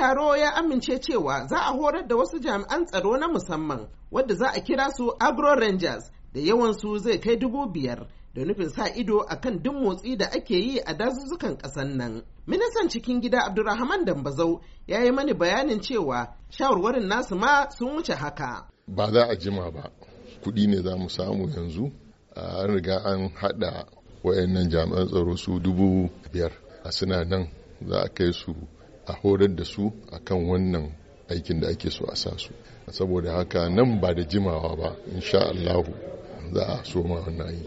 taro ya amince cewa za a horar da wasu jami'an tsaro na musamman wadda za a kira su agro rangers da yawansu zai kai dubu biyar da nufin sa ido a kan duk motsi da ake yi a dazuzzukan ƙasan nan. Ministan cikin gida abdurrahman Dambazau ya yi mani bayanin cewa shawarwarin nasu ma sun wuce haka. Ba za a jima ba, kuɗi ne za mu samu yanzu, an riga an haɗa wayannan jami'an tsaro su dubu biyar a suna nan za a kai su a horar da su a kan wannan aikin da ake so a sa su saboda haka nan ba da jimawa ba insha Allahu za a so ma wannan yi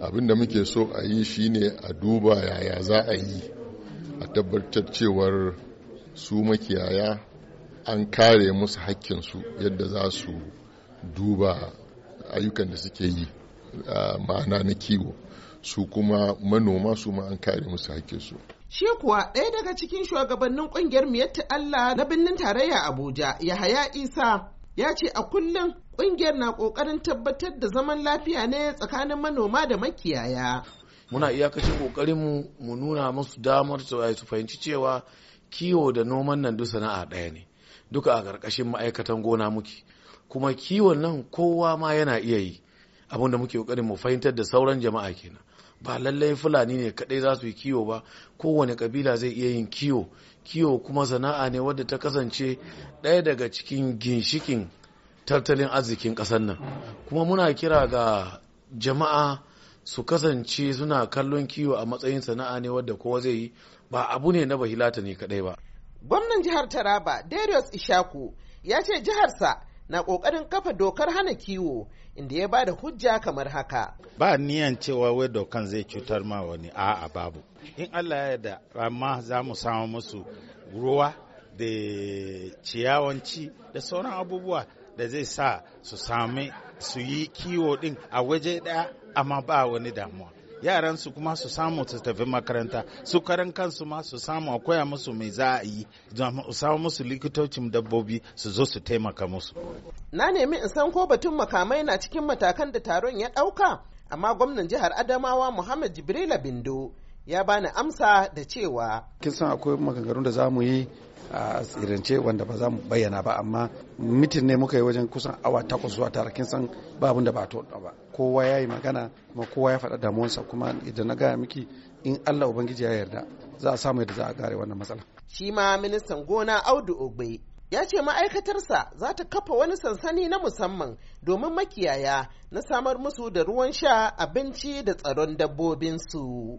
abin da muke so a yi shine a duba yaya za a yi a tabbatar cewar su makiyaya an kare musu su yadda za su duba ayyukan da suke yi ma'ana na kiwo su kuma manoma su ma an kare musu su. Shi kuwa ɗaya daga cikin shugabannin ƙungiyar Miyatta Allah na birnin tarayya Abuja, Yahaya Isa, ya ce a kullum ƙungiyar na ƙoƙarin tabbatar da zaman lafiya ne tsakanin manoma da makiyaya. Muna iyakacin ƙoƙarinmu mu nuna musu damar eh, su fahimci cewa kiwo da noman nan duk sana'a ɗaya ne, duka a ƙarƙashin ma'aikatan gona muke, kuma kiwon nan kowa ma yana iya yi, abin da muke ƙoƙarin mu fahimtar da sauran jama'a kenan. ba lallai fulani ne kadai za su yi kiwo ba kowane kabila zai iya yin kiwo kiwo kuma sana'a ne wadda ta kasance ɗaya daga cikin ginshikin tattalin arzikin ƙasar nan kuma muna kira ga jama'a su kasance suna kallon kiwo a matsayin sana'a ne wadda kowa zai yi ba abu ne na bahilata ne kadai ba gwamnan jihar taraba darius ishaku ya ce jiharsa na ƙoƙarin kafa dokar hana kiwo inda ya bada hujja kamar haka. Ba niyan cewa wai dokan zai cutar ma wani a'a babu. In Allah ya yarda amma za mu samu musu ruwa da ciyawanci da sauran abubuwa da zai sa su sami su yi kiwo din a waje ɗaya amma ba wani damuwa. yaran su kuma su samu su tafi makaranta su karan kansu ma su samu a koya musu mai za a yi samu musu likitocin dabbobi su zo su taimaka musu na nemi in san ko batun makamai na cikin matakan da taron ya ɗauka amma gwamnan jihar adamawa muhammad jibrila bindo ya bani amsa da cewa kin san akwai maganganun da za mu yi a tsirance wanda ba za mu bayyana ba amma mitin ne muka yi wajen kusan awa takwas zuwa tara kin san ba abin da ba to ba kowa ya yi magana kuma kowa ya faɗa damuwarsa kuma idan na gaya miki in Allah ubangiji ya yarda za a samu yadda za a gare wannan matsala shi ma ministan gona Audu Ogbe ya ce ma'aikatarsa za ta kafa wani sansani na musamman domin makiyaya na samar musu da ruwan sha abinci da tsaron dabbobinsu